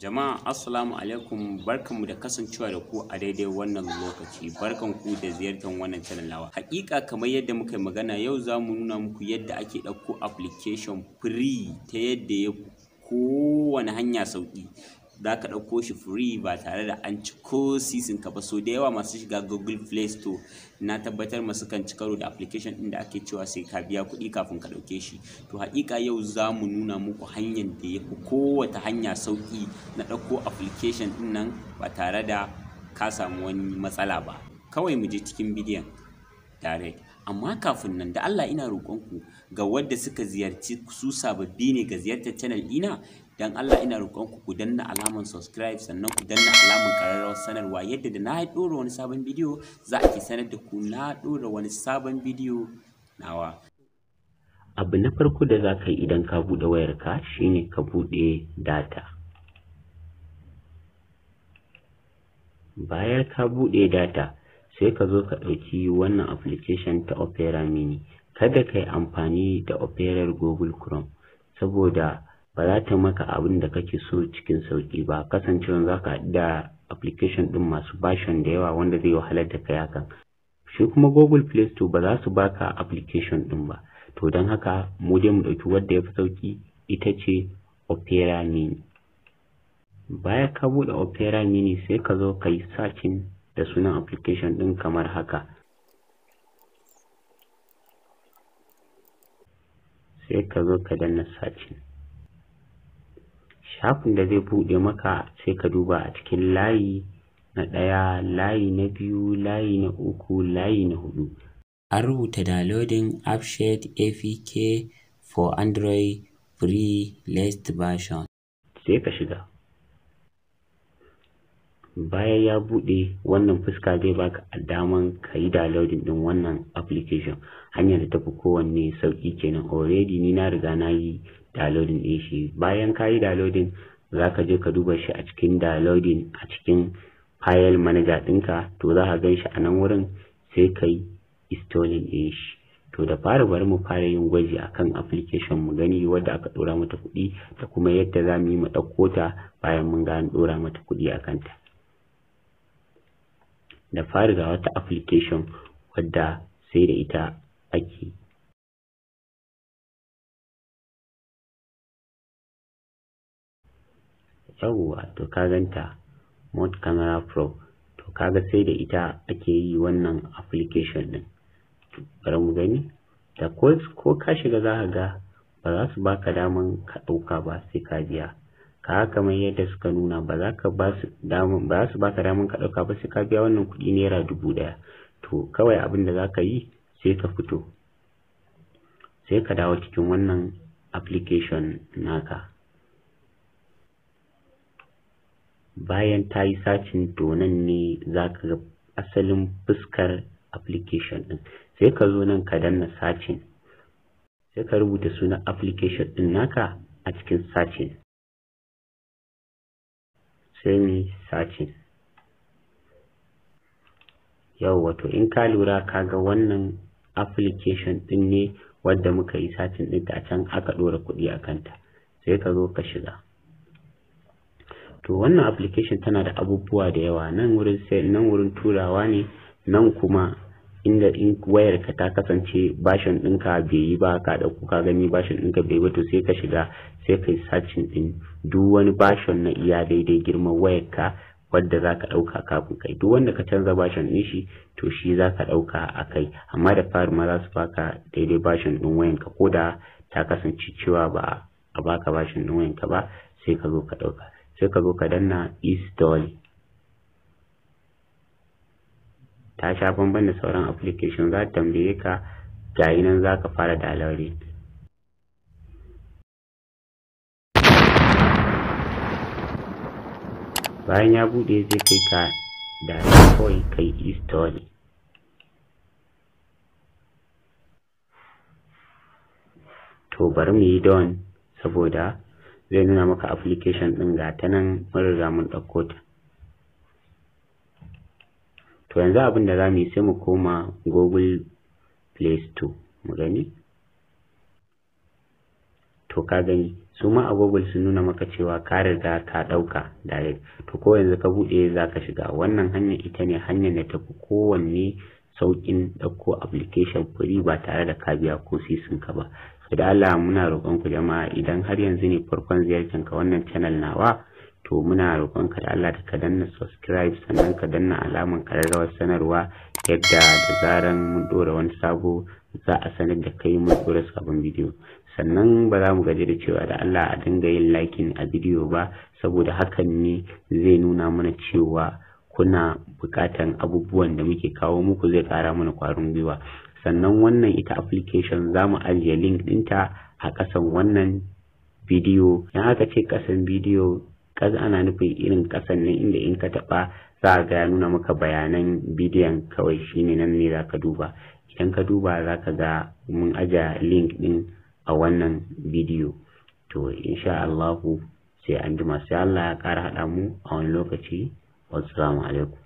Jama'a assalamu alaikum barkanmu da kasancewa da ku a daidai wannan lokaci barkan ku da ziyartar wannan channel nawa. Hakika kamar yadda muka yi magana yau za mu nuna muku yadda ake ɗauko application free ta yadda ya kowane hanya sauƙi za ka ɗauko shi free ba tare da an ci ko sisin ka ba so da yawa masu shiga google play store na tabbatar masu kan ci karo da application ɗin da ake cewa sai ka biya kuɗi kafin ka ɗauke shi to haƙiƙa yau za mu nuna muku hanyar da ya fi kowace hanya sauƙi na ɗauko application ɗin nan ba tare da ka samu wani matsala ba kawai mu je cikin bidiyon direct amma kafin nan da Allah ina roƙonku ga wadda suka ziyarci su sababbi ne ga ziyartar channel ina dan Allah ina roƙon ku ku danna alamar subscribe sannan ku danna alamar ƙararrawar sanarwa yadda da na ɗora wani sabon bidiyo za a ke sanar da ku na ɗora wani sabon bidiyo nawa abu na farko da za ka yi idan ka buɗe wayarka shine ka buɗe data bayan ka buɗe data sai ka zo ka ɗauki wannan application ta opera mini kada ka yi amfani da operar google chrome saboda ba za ta maka abin da kake so cikin sauki ba kasancewa za ka da application din masu bashin da yawa wanda zai wahalar da kai hakan shi kuma google play store ba za su baka application din ba to don haka mu je mu ɗauki wadda ya fi sauki ita ce opera mini baya ka buɗe opera mini sai ka zo ka yi sacin da sunan application din kamar haka sai ka zo ka danna sacin shafin da zai buɗe maka sai ka duba a cikin layi na ɗaya layi na biyu layi na uku layi na hudu an rubuta downloading AppShed apk for android free latest version sai ka shiga baya ya buɗe wannan fuska zai baka a daman ka yi downloading ɗin wannan application hanyar da tafi kowanne sauƙi kenan already ni na riga na yi downloading ɗin shi bayan ka yi downloading za ka je ka duba shi a cikin downloading a cikin file manager ɗinka to za ka gan shi a nan wurin sai ka yi installing ɗin shi to da fara bari mu fara yin gwaji akan application mu gani wadda aka dora mata kuɗi da kuma yadda za mu yi mu ɗauko ta bayan mun ga ɗora mata kuɗi a kanta da fara ga wata application wadda sai da ita ake yawwa to ka ganta mode camera pro to kaga sai da ita ake yi wannan application din bari mu gani da ko ka shiga za ka ga ba za su baka daman ka dauka ba sai ka biya ka kamar yadda suka nuna ba za ka ba su daman ba za su baka daman ka dauka ba sai ka biya wannan kuɗi naira dubu daya to kawai abin da za ka yi sai ka fito sai ka dawo cikin wannan application naka bayan ta yi sacin to ne za ka ga asalin fuskar application ɗin sai ka zo nan ka danna sacin sai ka rubuta sunan application ɗin naka a cikin sacin sai mu sacin yau wato in ka lura ka ga wannan application ɗin ne wadda muka yi sacin ɗinta a can aka ɗora kuɗi a kanta sai ka zo ka shiga to wannan application tana da abubuwa da yawa nan wurin nan wurin turawa ne nan kuma inda in wayar ka ta kasance bashin ɗinka bai yi ba ka ɗauko ka gani bashin ɗinka bai yi to sai ka shiga sai kai sacin ɗin duk wani bashin na iya daidai girman wayar ka wadda za ka ɗauka kafin kai duk wanda ka canza bashin ɗin shi to shi za ka ɗauka a kai amma da fari ma za su baka daidai bashin ɗin wayanka ko da ta kasance cewa ba a baka bashin ɗin ka ba sai ka zo ka ɗauka sai ka zo ka danna install ta sha bamban da sauran application za ta tambaye ka gayi nan za ka fara dalar bayan ya bude zai kai ka da kawai kai install to bari mu yi don saboda zai nuna maka application ɗin ga ta nan mun riga mun ɗauko ta to yanzu abin da za mu yi sai mu koma google play store mu gani to ka gani su ma a google sun nuna maka cewa ka riga ka ɗauka direct to ko yanzu ka buɗe za ka shiga wannan hanyar ita ne hanyar da ta fi kowanne sauƙin ɗauko application free ba tare da ka biya ko sisin ka ba da Allah muna roƙon ku jama'a idan har yanzu ne farkon ziyartar ka wannan channel nawa to muna roƙon ka da Allah ka danna subscribe sannan ka danna alamar kararrawar sanarwa yadda da zaran mun dora wani sabo za a sanar da kai mun dora sabon bidiyo sannan ba za mu gaji da cewa da Allah a dinga yin likin a bidiyo ba saboda hakan ne zai nuna mana cewa kuna bukatan abubuwan da muke kawo muku zai kara mana kwarin gwiwa sannan wannan ita application za mu ajiye link ɗinta a ƙasan wannan bidiyo in aka ce ƙasan bidiyo ƙasa ana nufin irin kasan nan inda in ka taɓa za ga ya nuna maka bayanan bidiyon kawai shine nan ne za ka duba idan ka duba za ka ga mun ajiye link din a wannan bidiyo to insha Allahu sai an ji sai Allah ya ƙara haɗa mu a wani lokaci wasu alaikum